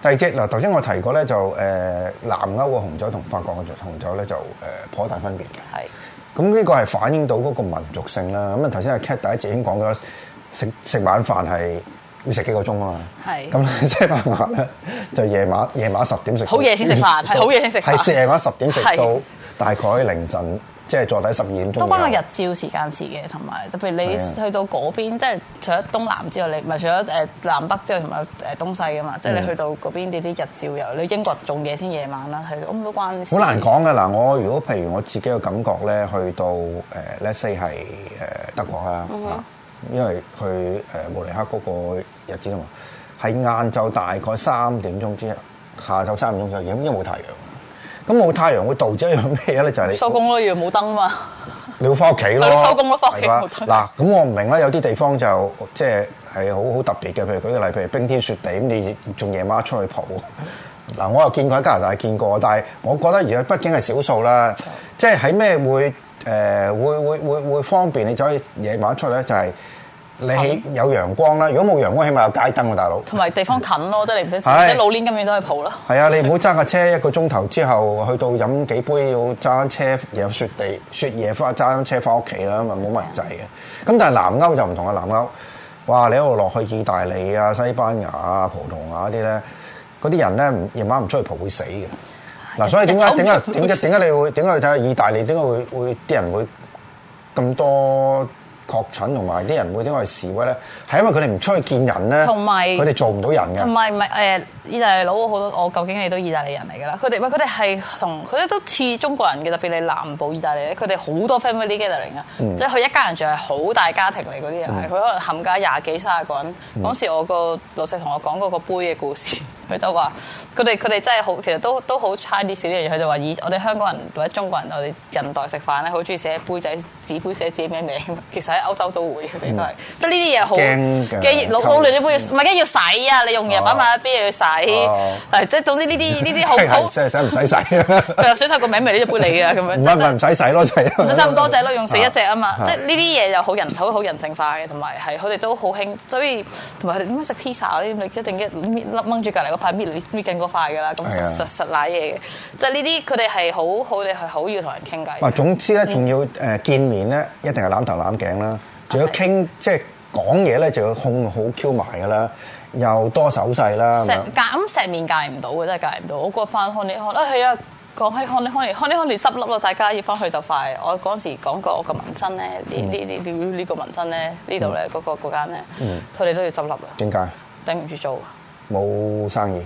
第二隻嗱，頭先我提過咧，就誒南歐嘅紅酒同法國嘅紅酒咧，就誒頗大分別嘅。係，咁呢個係反映到嗰個民族性啦。咁啊頭先阿 Cat 第一節已經講咗，食食晚飯係要食幾個鐘啊嘛。係。咁西班牙咧就夜晚夜晚十點食。好夜先食飯。係。好夜先食。係夜晚十點食到大概凌晨。即係坐底十二點鐘。都關個日照時間事嘅，同埋特別你去到嗰邊，是的 即係除咗東南之外，你唔係除咗誒南北之外，同埋誒東西噶嘛。嗯、即係你去到嗰邊呢啲日照又，你英國種嘢先夜晚啦，係咁都關事。好難講嘅嗱，我如果譬如我自己嘅感覺咧，去到誒、呃、Let’s say 係誒、呃、德國啦、嗯、哼 因為佢誒慕、呃、尼黑嗰個日子啊嘛，係晏晝大概三點鐘之後，下晝三點鐘之後已經冇太陽。咁冇太陽會導致一樣咩嘢咧？就係、你、收工 你咯，要冇燈嘛。你要翻屋企咯，係嘛？嗱，咁我唔明啦。有啲地方就即係係好好特別嘅，譬如舉個例，譬如冰天雪地，咁你仲夜晚出去蒲？嗱， 我又見過喺加拿大見過，但係我覺得而家畢竟係少數啦。即係喺咩會誒、呃、會會會會方便你走去夜晚出咧？就係、是。你有陽光啦，如果冇陽光，起碼有街燈喎，大佬。同埋地方近咯，得你唔使或者老年咁遠都去蒲咯。係啊，你唔好揸架車的一個鐘頭之後去到飲幾杯要，要揸車有雪地雪夜翻，揸車翻屋企啦，咁冇乜人滯嘅。咁的但係南歐就唔同啊，南歐哇，你一路落去意大利啊、西班牙啊、葡萄牙啲咧，嗰啲人咧，夜晚唔出去蒲會死嘅。嗱日，所以點解點解點解點解你會點解去睇下意大利？點解會會啲人會咁多？確診同埋啲人會點講示威咧，係因為佢哋唔出去見人咧，佢哋有做唔到人嘅。同埋唔係意大利佬好多，我究竟係都意大利人嚟㗎啦。佢哋喂，佢哋係同佢都都似中國人嘅，特別你南部意大利咧，佢哋好多 family gathering 啊，嗯、即係佢一家人仲係好大家庭嚟嗰啲人，佢可能冚家廿幾卅個人。嗰、嗯、時我個老細同我講過個杯嘅故事。佢就話：佢哋佢哋真係好，其實都都好 Chinese 啲嘢。佢就話：以我哋香港人或者中國人，我哋人代食飯咧，好中意寫杯仔紙杯寫自己咩名。其實喺歐洲都會，佢哋都係即係呢啲嘢好驚嘅。老老嫩啲杯唔係，跟的要洗啊、嗯！你用嘢擺埋一邊嘢去洗？即係、哦、總之呢啲呢啲好好洗 洗唔使洗 啊！佢又寫曬個名，咪呢隻杯你嘅咁樣。唔使洗咯，就唔使咁多隻咯，用死一隻啊嘛！即係呢啲嘢又好人好好人性化嘅，同埋係佢哋都好興，所以同埋佢哋點樣食 pizza 嗰你一定一擝住隔離快搣嚟搣近嗰塊㗎啦，咁實實瀨嘢嘅，即係呢啲佢哋係好好哋係好要同人傾偈。哇，總之咧，仲要誒見面咧，一定係攬頭攬頸啦，仲要傾即係講嘢咧，就要控好 Q 埋㗎啦，又多手勢啦。成架咁石面戒唔到嘅，真係戒唔到。我過翻康利康，啊係啊，講起康利康利康利康利執笠啦，大家要翻去就快。我嗰陣時講過我個紋身咧，呢呢呢呢個紋身咧，呢度咧嗰個嗰間咧，佢哋都要執笠啦。點解頂唔住做？冇生意，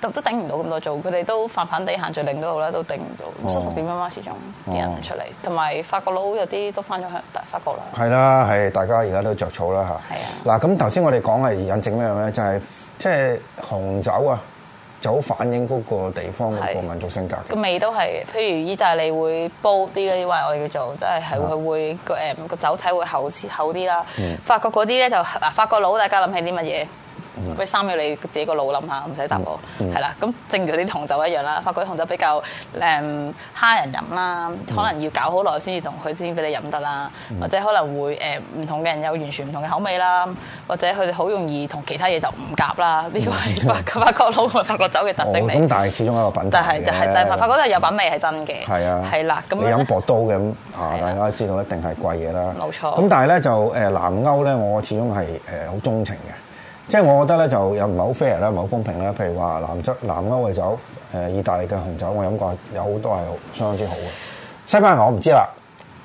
都都頂唔到咁多做，佢哋都泛泛地限聚令嗰度啦，都頂唔到，叔叔熟點啊嘛，始終啲人唔出嚟，同埋、嗯、法國佬有啲都翻咗去法國啦。係啦，係大家而家都着草啦吓，係的啊。嗱，咁頭先我哋講係引證咩咧？就係、是、即係紅酒啊，酒反映嗰個地方的個民族性格嘅。個味都係，譬如意大利會煲啲呢啲，我哋叫做即係係會、啊、會誒個酒體會厚啲厚啲啦。法國嗰啲咧就啊，法國佬大家諗起啲乜嘢？喂，三秒你自己個腦諗下，唔使答我，係啦。咁正如啲紅酒一樣啦，法國紅酒比較誒蝦人飲啦，可能要搞好耐先至同佢先俾你飲得啦，或者可能會誒唔同嘅人有完全唔同嘅口味啦，或者佢哋好容易同其他嘢就唔夾啦。呢個係法法國佬同法國酒嘅特性嚟。咁但係始終一個品，但係但係法國都有品味係真嘅。係啊，係啦，咁你飲薄刀嘅咁啊，大家知道一定係貴嘢啦。冇錯。咁但係咧就誒南歐咧，我始終係誒好鍾情嘅。即係我覺得咧，就又唔係好 fair 啦，唔係好公平啦。譬如話，南側南歐嘅酒，誒，意大利嘅紅酒，我飲過有很，有好多係相當之好嘅。西班牙我唔知啦。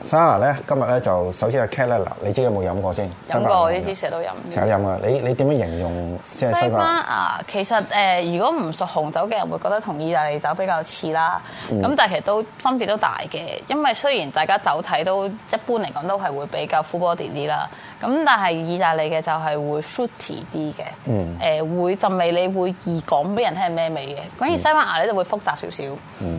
西班牙咧，今日咧就首先阿 Cat 咧，嗱，你知有冇飲過先？飲過，呢支成日都飲。成日飲噶，你你點樣形容？西班牙其實誒、呃，如果唔熟紅酒嘅人，會覺得同意大利酒比較似啦。咁、嗯、但係其實都分別都大嘅，因為雖然大家酒體都一般嚟講都係會比較 full body 啲啦。咁但係意大利嘅就係會 fruity 啲嘅，會浸味，你會易講俾人聽係咩味嘅。反而西班牙咧就會複雜少少，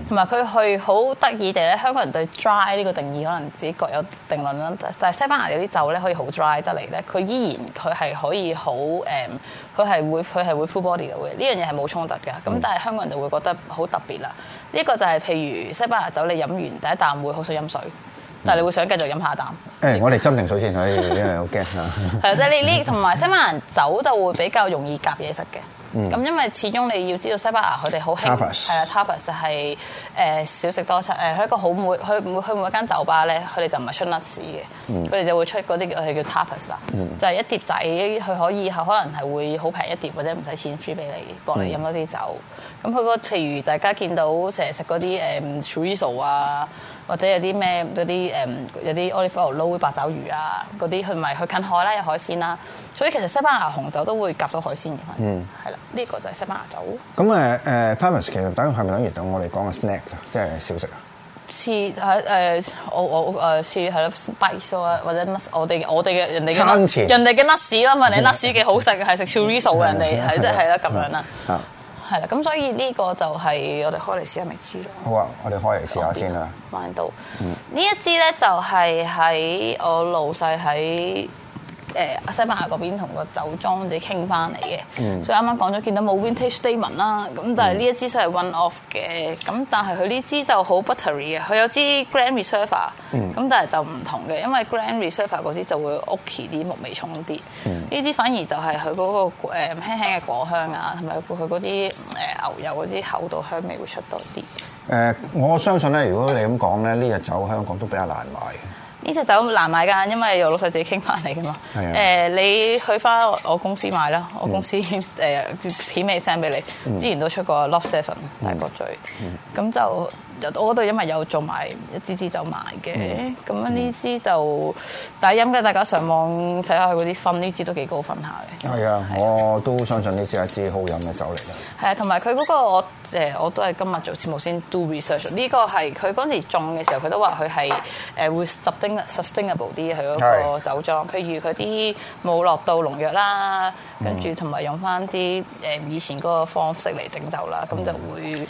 同埋佢去好得意地咧，香港人對 dry 呢個定義可能自己各有定論啦。但係西班牙有啲酒咧可以好 dry 得嚟咧，佢依然佢係可以好佢係會佢係會 full body 嘅。呢樣嘢係冇衝突嘅。咁、嗯、但係香港人就會覺得好特別啦。呢、呢個就係譬如西班牙酒你飲完第一啖會好想飲水。但係你會想繼續飲下啖？誒、哎，我哋斟定水先，可以，因為好驚嚇。係， 即係你呢？同埋西班牙人酒就會比較容易夾嘢食嘅。咁、嗯、因為始終你要知道西班牙佢哋好興係啊，tapas 係誒少食多餐。誒、呃，喺一個好每佢每佢每一間酒吧咧，佢哋就唔係出 nuts 嘅，佢哋、嗯、就會出嗰啲叫 tapas 啦。嗯、就係一碟仔，佢可以可能係會好平一碟或者唔使錢 free 俾你，幫你飲多啲酒。咁佢、嗯，那個譬如大家見到成日食嗰啲誒啊。或者有啲咩嗰啲誒有啲 olive oil 撈啲八爪魚啊嗰啲，去埋佢近海啦有海鮮啦，所以其實西班牙紅酒都會夾到海鮮嘅。嗯，係啦，呢個就係西班牙酒。咁誒誒 tapas 其實等係咪等於等我哋講嘅 snack 啊，即係小食啊？似係誒我我誒似係咯 bites 啊，或者乜我哋我哋嘅人哋嘅人哋嘅 nuts 啦嘛，你 nuts 幾好食嘅食 churros 嘅人哋係即係啦咁樣啦。係啦，咁所以呢個就係我哋開嚟試下咪知啦。好啊，我哋開嚟試下先啦。買到呢一支咧，就係喺我老細喺。誒西班牙嗰邊同個酒莊啲傾翻嚟嘅，嗯、所以啱啱講咗見到冇 vintage statement 啦，咁但係呢一支先係 one off 嘅，咁但係佢呢支就好 buttery 嘅，佢有支 grand reserva 咁但係就唔同嘅，因為 grand reserva 嗰支就會 oaky 啲木味重啲，呢支、嗯、反而就係佢嗰個輕輕嘅果香啊，同埋佢嗰啲牛油嗰啲口度香味會出多啲。我相信咧，如果你咁講咧，呢隻酒香港都比較難買。呢隻酒難買㗎，因為由老細自己傾翻嚟㗎嘛。誒，你去翻我公司買啦，我公司誒片尾 send 俾你。之前都出過 Love Seven 大角咀。咁、嗯嗯、就。我嗰度因為有做埋一支支酒埋嘅，咁樣呢支就第一飲嘅大家上網睇下佢啲分，呢支都幾高分下嘅。係啊對的，我都相信呢支係一支好飲嘅酒嚟嘅。係啊，同埋佢嗰個我誒我都係今日做節目先 do research，呢個係佢嗰時種嘅時候佢都話佢係誒會 sustainable 啲佢嗰個酒莊，的譬如佢啲冇落到農藥啦，嗯、跟住同埋用翻啲誒以前嗰個方式嚟整酒啦，咁就會。嗯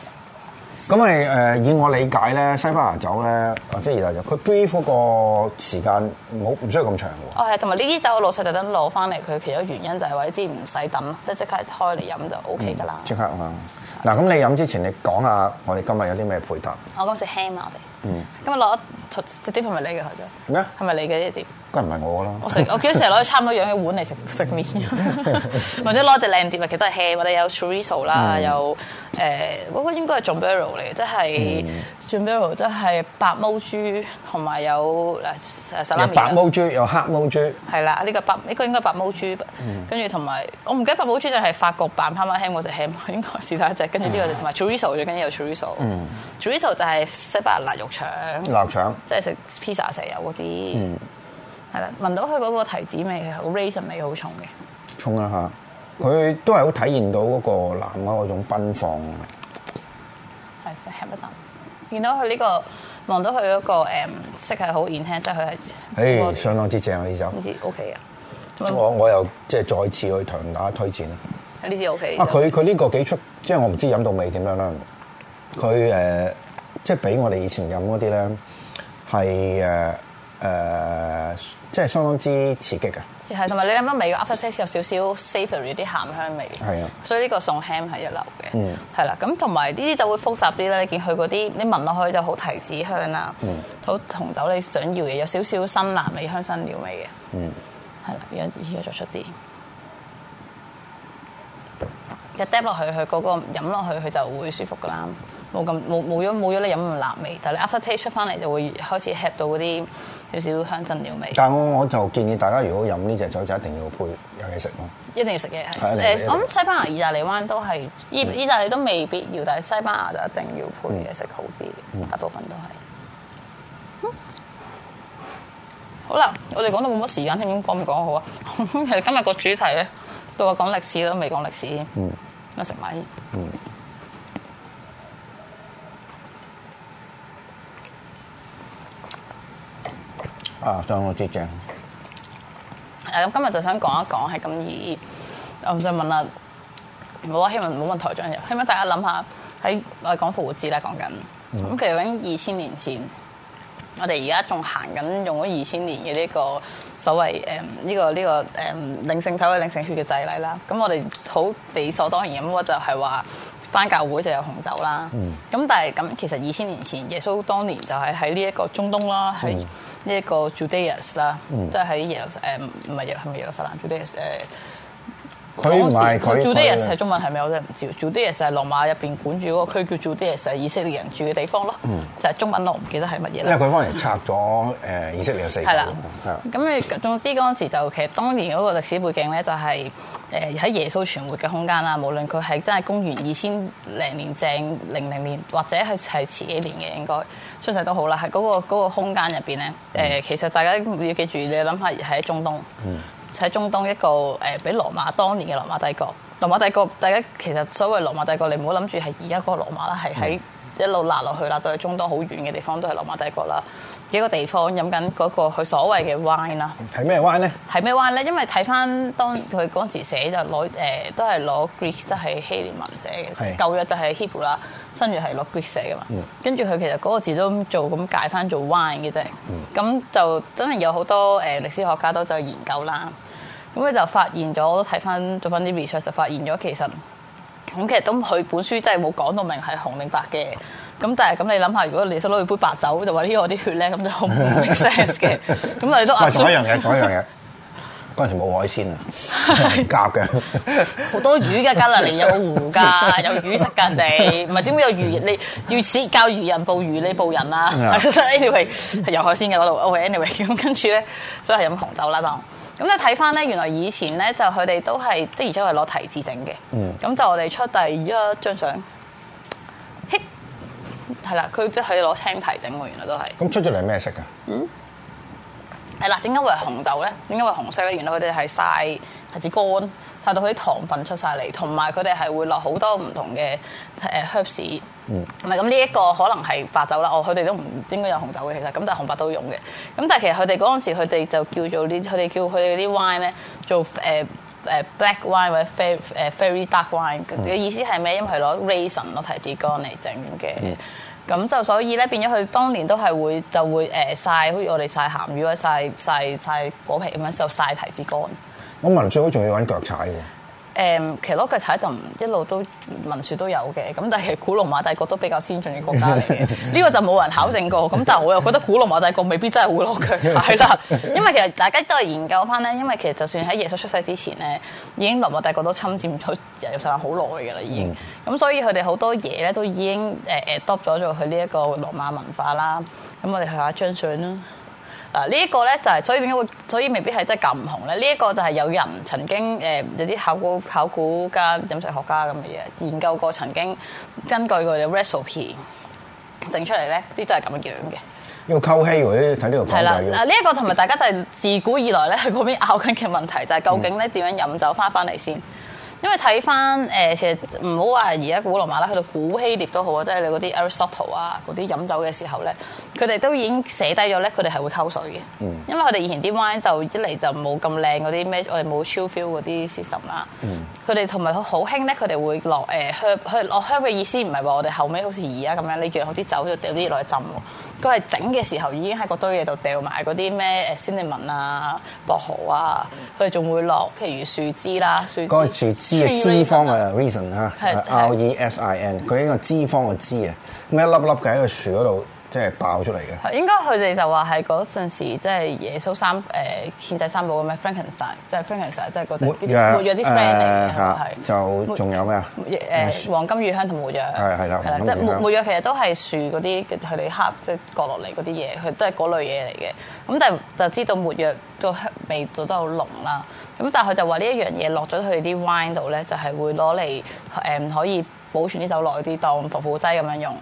咁咪誒以我理解咧，西班牙酒咧，啊即係意大利酒，佢釀酒個時間冇唔需要咁長喎。哦，係，同埋呢啲酒老實就等攞翻嚟，佢其實原因就係話你知唔使等，即係即刻開嚟飲就 O K 㗎啦。即刻啊！嗱，咁你飲之前你講下我哋今日有啲咩配搭？我今次 ham 啊，我哋。嗯。今日攞啲係咪你嘅？咩？係咪麼你嘅呢啲？梗係唔係我啦。我成我見佢成日攞差唔多樣嘅碗嚟食食麵，或者攞隻靚碟，其實都係 ham 我哋有 chorizo 啦，有誒嗰個應該係 jambole 嚟嘅，即係 jambole，即係白毛豬同埋有嗱薩拉米。有白毛豬，有黑毛豬。係啦，呢個白呢個應該白毛豬，跟住同埋我唔記得白毛豬就係法國版 Parma ham 嗰隻 ham，應該試第一隻。跟住呢個就同埋 chorizo，跟住有 chorizo。嗯，chorizo 就係西班牙辣肉腸。臘腸。即係食 pizza 成日有嗰啲。係啦，聞到佢嗰個提子味，好 raisin 味好重嘅，重啊，吓佢都係好體現到嗰個藍貓嗰種奔放。係 happy 見到佢呢、這個，望到佢嗰、那個，誒、嗯，色係好 intense 佢係誒，相當之正呢支酒。O K 啊，我我又即係再次去強打推薦啦。呢支 O K。啊，佢佢呢個幾出，即係我唔知飲到味點樣啦。佢誒、呃，即係比我哋以前飲嗰啲咧，係誒。呃誒，即係、呃、相當之刺激嘅，係同埋你諗得味，阿弗塞斯有少少 savory 啲鹹香味，係啊，所以呢個送 ham 係一流嘅，係啦、嗯，咁同埋呢啲就會複雜啲啦。你見佢嗰啲，你聞落去就好提子香啦，好、嗯、紅酒你想要嘅，有少少辛辣味、香辛料味嘅，係啦、嗯，而家而家再出啲一嗒落去，佢嗰個飲落去，佢就會舒服㗎啦。冇咁冇冇咗冇咗，你飲唔辣味，但係你 after taste 出翻嚟就會開始吃到嗰啲少少香辛料味但。但係我我就建議大家如果飲呢隻酒就一定要配有嘢食咯，一定要食嘢。誒是，咁是西班牙、意大利灣都係意意大利都未必要，但係西班牙就一定要配嘢食好啲，嗯、大部分都係。嗯、好啦，我哋講到冇乜時間，聽唔聽講唔講好啊？其 實今日個主題咧，到我講歷史都未講歷史。歷史嗯吃。我食埋。嗯。啊，我最正。咁今日就想講一講，係咁易。我唔想問啦。唔好希望唔好問台長嘅，希望大家諗下喺我哋講《復活節》咧講緊。咁其實喺二千年前，我哋而家仲行緊用咗二千年嘅呢個所謂誒、這、呢個呢、這個誒、這個、靈性體位靈性血嘅制例啦。咁我哋好理所當然咁、就是，我就係話。翻教會就有紅酒啦，咁、嗯、但係咁其實二千年前耶穌當年就係喺呢一個中東啦，喺呢一個 Judaïs 啦、嗯，即係喺耶路誒唔係耶係咪耶路撒冷 Judaïs 誒。是佢唔係，佢 Judea 中文係咩我真係唔知，Judea 羅馬入邊管住嗰個區叫 Judea，以色列人住嘅地方咯，嗯、就係中文我唔記得係乜嘢啦。因為佢嗰陣拆咗誒以色列嘅四個。係啦、嗯，咁你總之嗰陣時就其實當年嗰個歷史背景咧，就係誒喺耶穌存活嘅空間啦。無論佢係真係公元二千零年正零零年，或者係係遲幾年嘅應該出世都好啦。喺嗰、嗰個嗰個空間入邊咧，誒、嗯、其實大家要記住，你諗下係喺中東。嗯。喺中東一個比羅馬當年嘅羅馬帝國，羅馬帝國，羅馬帝國大家其實所謂羅馬帝國，你唔好諗住係而家嗰個羅馬啦，係喺。一路落落去揦到中東好遠嘅地方都係羅馬帝國啦，幾個地方飲緊嗰個佢所謂嘅 wine 啦。係咩 wine 咧？係咩 wine 咧？因為睇翻當佢嗰陣時寫就攞、是、誒、呃、都係攞 Greek，都係希臘文寫嘅。是舊約就係 Hebrew 啦，新約係攞 Greek 寫嘅嘛。跟住佢其實嗰個字都做咁解翻做 wine 嘅啫。咁、嗯、就真係有好多誒歷史學家都就研究啦。咁佢就發現咗，都睇翻做翻啲 research，就發現咗其實。咁其實都佢本書真係冇講到明係紅定白嘅，咁但係咁你諗下，如果你想攞住杯白酒就話呢個啲血咧，咁就唔 make sense 嘅。咁啊 都講一樣嘢，講一樣嘢。嗰陣 時冇海鮮啊，夾嘅。好多魚嘅，加拿大有湖噶， 有魚食噶人哋。唔係點解有魚？你要教魚人捕魚，你捕人啊 ？Anyway 係有海鮮嘅嗰度。Anyway 咁跟住咧，所以係飲紅酒啦當。咁咧睇翻咧，原來以前咧就佢哋都係即係而且係攞提子整嘅。咁、嗯、就我哋出第一張相，嘿，係啦，佢即係攞青提整嘅，原來都係。咁出咗嚟咩色噶？嗯，係啦，點解會係紅豆咧？點解會紅色咧？原來佢哋係晒提子乾，晒到佢啲糖分出晒嚟，而且他們同埋佢哋係會落好多唔同嘅誒 herbs。呃唔係咁，呢一個可能係白酒啦，哦，佢哋都唔應該有紅酒嘅其實，咁但係紅白都用嘅。咁但係其實佢哋嗰陣時佢哋就叫做啲，佢哋叫佢哋啲 wine 咧做、uh, black wine 或者 fairy dark wine 嘅、嗯、意思係咩？因為係攞 raisin 攞提子乾嚟整嘅。咁、嗯、就所以咧變咗佢當年都係會就會誒曬，好似我哋曬鹹魚啊曬曬曬果皮咁樣，就曬提子乾。我聞講仲要揾腳踩。嗯、其實裸腳踩就一路都文書都有嘅，咁但係古羅馬帝國都比較先進嘅國家嚟嘅，呢 個就冇人考證過。咁但係我又覺得古羅馬帝國未必真係會裸腳踩啦，因為其實大家都係研究翻咧，因為其實就算喺耶穌出世之前咧，已經羅馬帝國都侵佔咗猶太好耐嘅啦，已經、嗯。咁所以佢哋好多嘢咧都已經誒誒 adopt 咗佢呢一個羅馬文化啦。咁我哋睇下張相啦。啊！呢、這、一個咧就係、是、所以點解會所以未必係真係咁唔紅咧？呢、這、一個就係有人曾經誒、呃、有啲考古考古家飲食學家咁嘅嘢研究過，曾經根據佢哋嘅 recipe 整出嚟咧，啲就係咁樣嘅。要溝氣喎！睇呢了、啊這個係啦。嗱呢一個同埋大家就係自古以來咧喺嗰邊拗緊嘅問題，就係、是、究竟咧點樣飲酒翻翻嚟先？嗯因為睇翻誒，其實唔好話而家古羅馬啦，去到古希臘都好啊，即係你嗰啲 Aristotle 啊，嗰啲飲酒嘅時候咧，佢哋都已經寫低咗咧，佢哋係會溝水嘅。嗯。因為佢哋以前啲 wine 就一嚟就冇咁靚嗰啲咩，我哋冇 chill feel 嗰啲 system 啦。嗯。佢哋同埋佢好興咧，佢哋會落誒香，佢落香嘅意思唔係話我哋後尾好似而家咁樣，你叫好似酒就掉啲落去浸佢係整嘅時候已經喺個堆嘢度掉埋嗰啲咩 Cinnamon 啊，薄荷啊，佢仲會落譬如樹枝啦，樹枝。嗰個樹枝嘅脂肪嘅 reason 嚇，r e s i n，佢係一個脂肪嘅脂啊，咩粒粒嘅喺個樹嗰度。即係爆出嚟嘅，應該佢哋就話係嗰陣時即係耶穌三誒獻祭三寶嘅咩？Frankincense 即係 Frankincense，要即係嗰隻。抹抹藥啲 friend 嚟係就仲抹有咩啊？誒的黃金乳香同抹藥係係啦，係啦。即係抹抹藥其實都係樹嗰啲佢哋敲即割落嚟嗰啲嘢，佢都係嗰類嘢嚟嘅。咁但係就知道抹藥個香味道都好濃啦。咁但係佢就話呢一樣嘢落咗去啲 wine 度咧，就係、是、會攞嚟誒可以保存啲酒耐啲，當防腐劑咁樣用。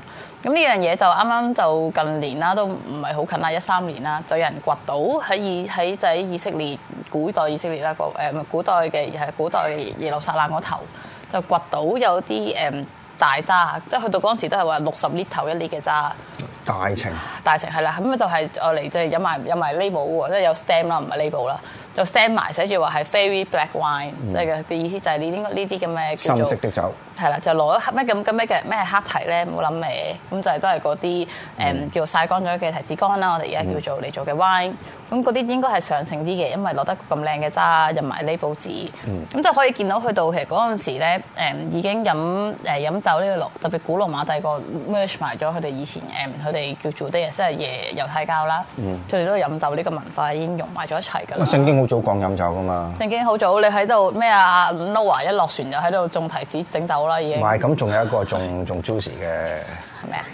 咁呢樣嘢就啱啱就近年啦，都唔係好近啦，一三年啦，就有人掘到喺意喺就喺以色列古代以色列啦，個誒古代嘅係古代嘅耶路撒冷嗰頭，就掘到有啲誒大渣，即係去到嗰陣時都係話六十 litre 一 litre 嘅渣，大情程，大情係啦，咁啊就係我哋即係飲埋飲埋 label 即係有 stamp 啦，唔係 label 啦，有 stamp 埋寫住話係 very black wine，即係嘅意思就係你呢個呢啲咁嘅深色的酒。係啦，就攞咩咁咁咩嘅咩黑提咧，唔好諗嘢，咁就係都係嗰啲誒叫做曬乾咗嘅提子乾啦。我哋而家叫做你做嘅 wine，咁嗰啲應該係上乘啲嘅，因為落得咁靚嘅渣，入埋呢報紙，咁、嗯、就可以見到去到其實嗰陣時咧誒、嗯、已經飲誒、呃、飲酒呢個特別古羅馬帝國 merge 埋咗佢哋以前誒佢哋叫做 the Israelite 猶太教啦，佢哋、嗯、都飲酒呢個文化已經融埋咗一齊㗎啦。聖經好早講飲酒㗎嘛，聖經好早，你喺度咩啊 Noah 一落船就喺度種提子整酒。唔係，咁仲有一個仲仲 juicy 嘅，係咪啊？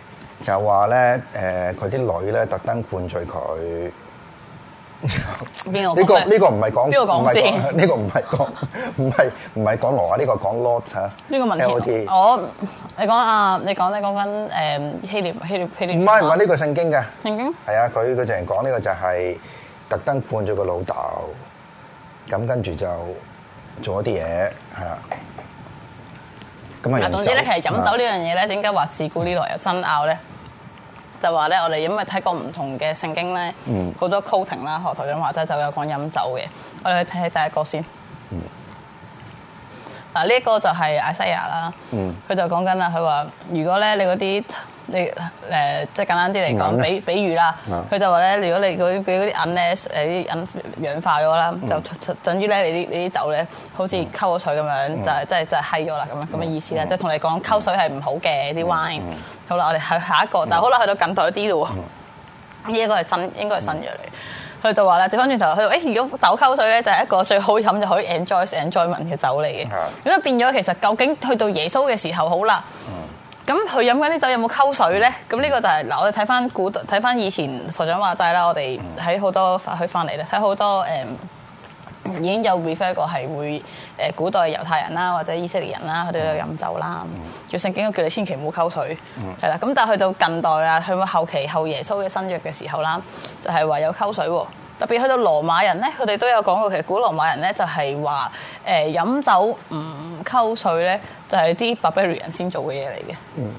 就話咧，誒、呃，佢啲女咧特登灌醉佢。邊說、 這個呢、這個呢說、這個唔係講，邊、 這個講先？呢個唔係講，唔係唔係講羅啊？呢個講 Lot 吓。呢個問題，好似我你講啊？你講、uh, 你講緊誒，希列希列希列。唔係，話呢個聖經嘅聖經。係啊，佢佢就係講呢個就係特登灌醉個老豆，咁跟住就做一啲嘢，係啊。嗱，總之咧，其實飲酒呢樣嘢咧，點解話自古以來有爭拗咧？就話咧、嗯，我哋因為睇過唔同嘅聖經咧，好多 coating 啦，學台長話齋就有講飲酒嘅，我哋去睇下第一個先。嗱，呢一個就係阿西亞啦，佢就講緊啦，佢話如果咧你嗰啲。你誒即係簡單啲嚟講，比比如啦，佢就話咧，如果你嗰啲嗰啲銀咧誒啲銀氧化咗啦，嗯、就等於咧你啲你啲酒咧好似溝咗水咁樣，嗯、就即係即係閪咗啦咁樣咁嘅意思啦。即係同你講溝水係唔好嘅啲 wine。嗯、好啦，我哋去下一個，但係好啦，去到近代啲咯。呢一、嗯、個係新應該係新嘢嚟。佢就話咧，調返轉頭，佢誒如果酒溝水咧，就係、是、一個最好飲就可以 enjoy、enjoy 文嘅酒嚟嘅。咁啊的變咗，其實究竟去到耶穌嘅時候，好啦。咁佢飲緊啲酒有冇溝水咧？咁呢、嗯、個就係、是、嗱，我哋睇翻古睇翻以前所長話齋啦，我哋喺好多發去翻嚟啦，睇好多誒、嗯、已經有 refer 過係會古代猶太人啦，或者以色列人啦，佢哋都有飲酒啦，最、嗯嗯、聖經都叫你千祈唔好溝水，係啦、嗯。咁但係去到近代啊，去到後期後耶穌嘅新約嘅時候啦，就係、是、話有溝水喎。特別去到羅馬人咧，佢哋都有講過，其實古羅馬人咧就係話、呃、飲酒唔。嗯溝水咧就係啲 Barbarian 先做嘅嘢嚟嘅，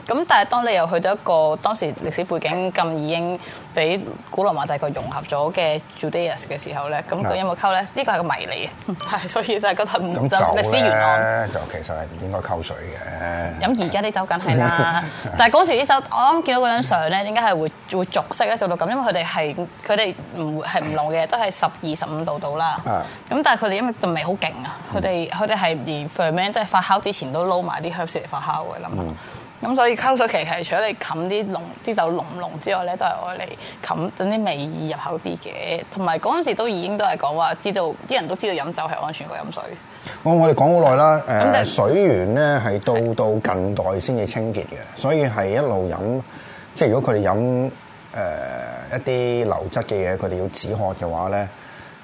咁、嗯、但係當你又去到一個當時歷史背景咁已經俾古羅馬帝國融合咗嘅 Judaïs 嘅時候咧，咁佢有冇溝咧？呢、嗯、個係個迷你嘅，係、嗯、所以就係覺得唔就歷史原來咧就其實係唔應該溝水嘅。飲而家啲酒梗係啦，當 但係嗰時啲酒，我啱見到嗰張相咧，點解係會會熟識咧，做到咁？因為佢哋係佢哋唔係唔濃嘅，都係十二十五度到啦。咁、嗯、但係佢哋因為仲未好勁啊，佢哋佢哋係連即係發酵之前都撈埋啲香水嚟發酵嘅，咁，所以香水其其實除咗你冚啲濃啲酒濃濃之外咧，都係愛嚟冚等啲味易入口啲嘅。同埋嗰陣時都已經都係講話，知道啲人都知道飲酒係安全過飲水。我我哋講好耐啦，誒水源咧係到到近代先至清潔嘅，所以係一路飲，即係如果佢哋飲誒、呃、一啲流質嘅嘢，佢哋要止渴嘅話咧。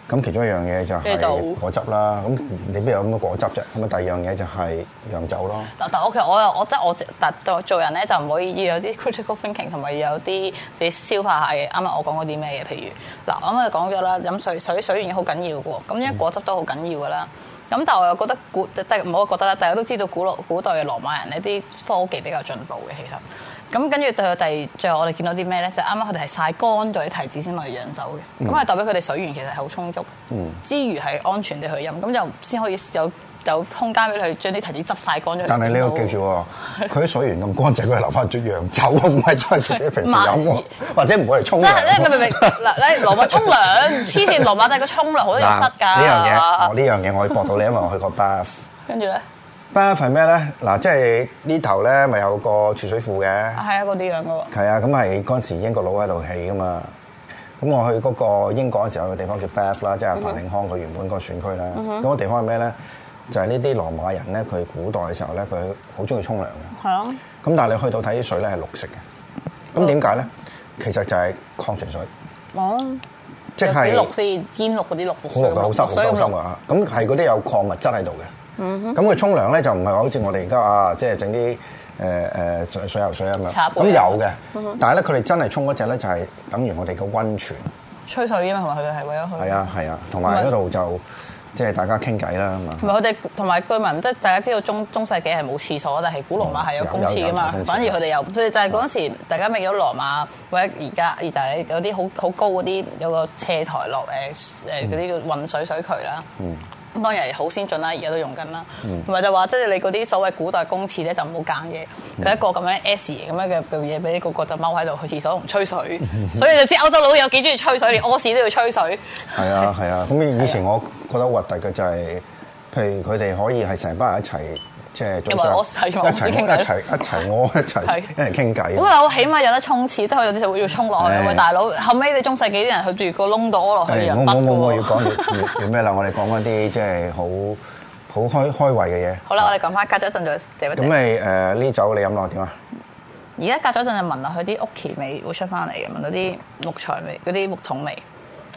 咁其中一樣嘢就係果汁啦。咁你邊就有咁多果汁啫？咁啊，第二樣嘢就係洋酒咯。嗱，但我其實我又我即係我，做做人咧就唔可以要有啲 critical thinking，同埋要有啲自己消化下嘅啱啱我講嗰啲咩嘢。譬如嗱，我啱啱就講咗啦，飲水水水源好緊要嘅喎。咁因為果汁都好緊要㗎啦。咁、嗯、但我又覺得古即唔好覺得啦。大家都知道古古代嘅羅馬人呢啲科技比較進步嘅，其實。咁跟住對我哋，最後，我哋見到啲咩咧？就啱啱佢哋係曬乾咗啲提子先落去釀酒嘅，咁係、嗯、代表佢哋水源其實係好充足，之餘係安全地去飲，咁就先可以有有空間俾佢將啲提子執晒乾咗。但係你要記住喎，佢啲水源咁乾淨，佢留翻嚟釀酒，唔係真係平時飲喎，馬 或者唔可以沖。真係咧，明唔明？你羅馬沖涼，黐線羅馬，但係佢沖涼好多嘢濕㗎。呢樣嘢，我呢樣嘢我可以博到咧，因為我去過 b 跟住咧。巴份咩咧？嗱，即係呢頭咧，咪有個儲水庫嘅。係啊，嗰啲樣噶喎。係啊，咁係嗰陣時英國佬喺度起噶嘛。咁我去嗰個英國嘅時候，有個地方叫 Bath 啦，即係彭永康佢原本嗰個選區啦。咁個、嗯、哼地方係咩咧？就係呢啲羅馬人咧，佢古代嘅時候咧，佢好中意沖涼嘅。係啊的。咁但係你去到睇啲水咧，係綠色嘅。咁點解咧？嗯、其實就係礦泉水。冇、嗯？哦、即係綠色，鮮綠嗰啲綠。好綠嘅，好深，好深嘅。咁係嗰啲有礦物質喺度嘅。咁佢沖涼咧就唔係好似我哋而家啊，即係整啲水遊水咁樣。咁插背 有嘅，嗯、哼但係咧佢哋真係沖嗰隻咧就係等完我哋個温泉吹水煙啊嘛，佢哋係為咗去。係啊係啊，同埋嗰度就即係是大家傾偈啦同埋佢哋同埋居民即係大家知道中中世紀係冇廁所，但係古羅馬係有公廁噶嘛。嗯、反而佢哋有，佢哋就係嗰陣時大家未有羅馬或者而家而家有啲好好高嗰啲有個斜台落誒誒嗰啲叫運水水渠啦。嗯。當然係好先進啦，而家都用緊啦，同埋就話即係你嗰啲所謂古代公廁咧，就唔好揀嘅，佢一個咁樣 S 型咁樣嘅嘢俾你個個就踎喺度去廁所唔吹水， 所以就知道歐洲佬有幾中意吹水，你屙屎都要吹水。係啊係啊，咁、啊、以前我覺得核突嘅就係、是，啊、譬如佢哋可以係成班人一齊。即係同埋我係同我一齊一齊，我一齊一齊傾偈。咁但我起碼有得沖廁，得佢啲就會要沖落去嘅，欸、大佬。後尾你中世紀啲人越越下去住個窿度咯，要人冇？嘅冇，唔唔唔，要講要咩啦？ 我哋講嗰啲即係好好開開胃嘅嘢。好啦，我哋講翻隔咗陣再咁咪誒呢酒你飲落點啊？而家隔咗陣就聞落去啲屋企味會出翻嚟嘅，聞到啲木材味、嗰啲木桶味。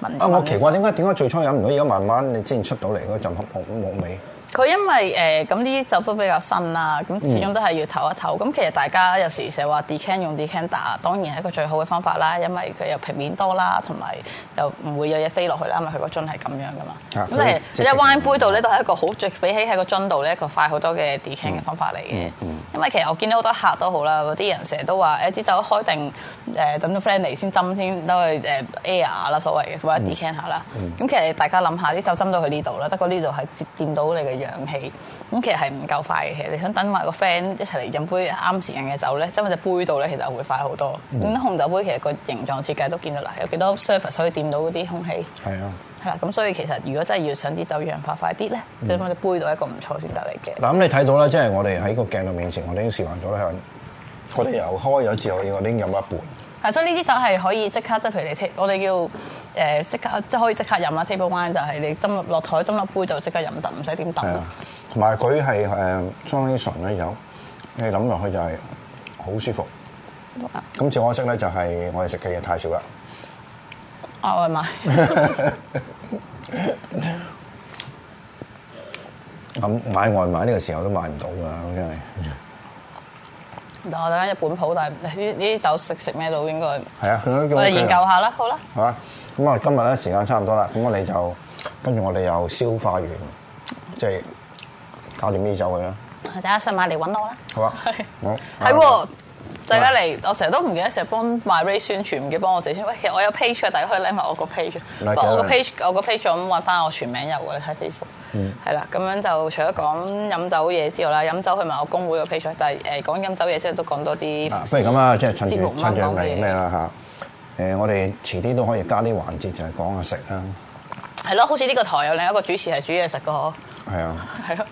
聞，聞、啊、我奇怪點解點解最初飲唔到，而家慢慢你之前出到嚟嗰陣黑木木味。嗯佢因為誒咁呢啲酒都比較新啦，咁始終都係要唞一唞。咁、嗯、其實大家有時成日話 decant 用 decanter，當然係一個最好嘅方法啦，因為佢又平面多啦，同埋又唔會有嘢飛落去啦，因為佢個樽係咁樣噶嘛。咁係一 wine 杯度咧都係一個好，比起喺個樽度咧一個快好多嘅 decant 嘅方法嚟嘅。嗯、因為其實我見到好多客人都好啦，嗰啲人成日都話誒支酒一開定誒等到 friend 嚟先斟先都去誒、呃、air 啦所謂嘅，或者 decant 下啦。咁、嗯嗯、其實大家諗下啲酒斟到去呢度啦，不過呢度係掂到你嘅。氧氣，咁其實係唔夠快嘅，其實你想等埋個 friend 一齊嚟飲杯啱時間嘅酒咧，斟喺隻杯度咧，其實會快好多。咁啲，嗯、紅酒杯其實個形狀設計都見到啦，有幾多 surface 可以掂到嗰啲空氣。係是啊，係啦，咁所以其實如果真係要想啲酒氧化快啲咧，斟喺隻杯度一個唔錯選擇嚟嘅。嗱，咁你睇到啦，即係我哋喺個鏡度面前，我哋已經示範咗啦，係我哋由開咗之後，我哋已經飲咗一半。係，所以呢啲酒係可以即刻，即係譬如你我哋要。誒即刻即可以即刻飲啦！table wine 就係你斟落台斟落杯就即刻飲得，唔使點等。啊，同埋佢係誒雙人床都有。你諗落去就係好、嗯、舒服。今次可惜咧，就係我哋食嘅嘢太少啦。外賣。咁 買外賣呢個時候都買唔到㗎，真係、嗯。但我睇下日本鋪底，呢呢酒食食咩都應該？係啊，我哋研究下啦，好啦。嚇！咁啊，今日咧時間差唔多啦，咁我哋就跟住我哋又消化完，即係搞掂呢酒會啦。大家上埋嚟揾我啦。好啊，係，大家嚟，我成日都唔記得成日幫 MyRadio 宣傳，唔記得幫我哋宣。喂，其實我有 page 嘅，大家可以拎埋我個 page。拉幾？我個 page，我個 page 咁揾翻我全名入喎。你睇 Facebook，係啦，咁樣就除咗講飲酒嘢之後咧，飲酒去埋我公會個 page。但係誒講飲酒嘢之後都講多啲。不如咁啊，即係趁趁著嚟咩啦嚇。誒，我哋遲啲都可以加啲環節，就係講下食啦。係咯，好似呢個台有另一個主持係煮嘢食嘅呵。係啊，係咯，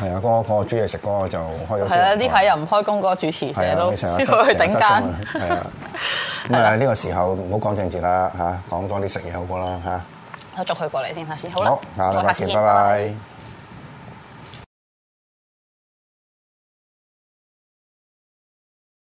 係啊，嗰個煮嘢食，個就開咗。係啊，呢排又唔開工，嗰個主持成日都要去頂間。係啊，呢個時候唔好講政治啦，嚇，講多啲食嘢好過啦，吓，我捉佢過嚟先，嚇先，好啦。好，下次見，拜拜。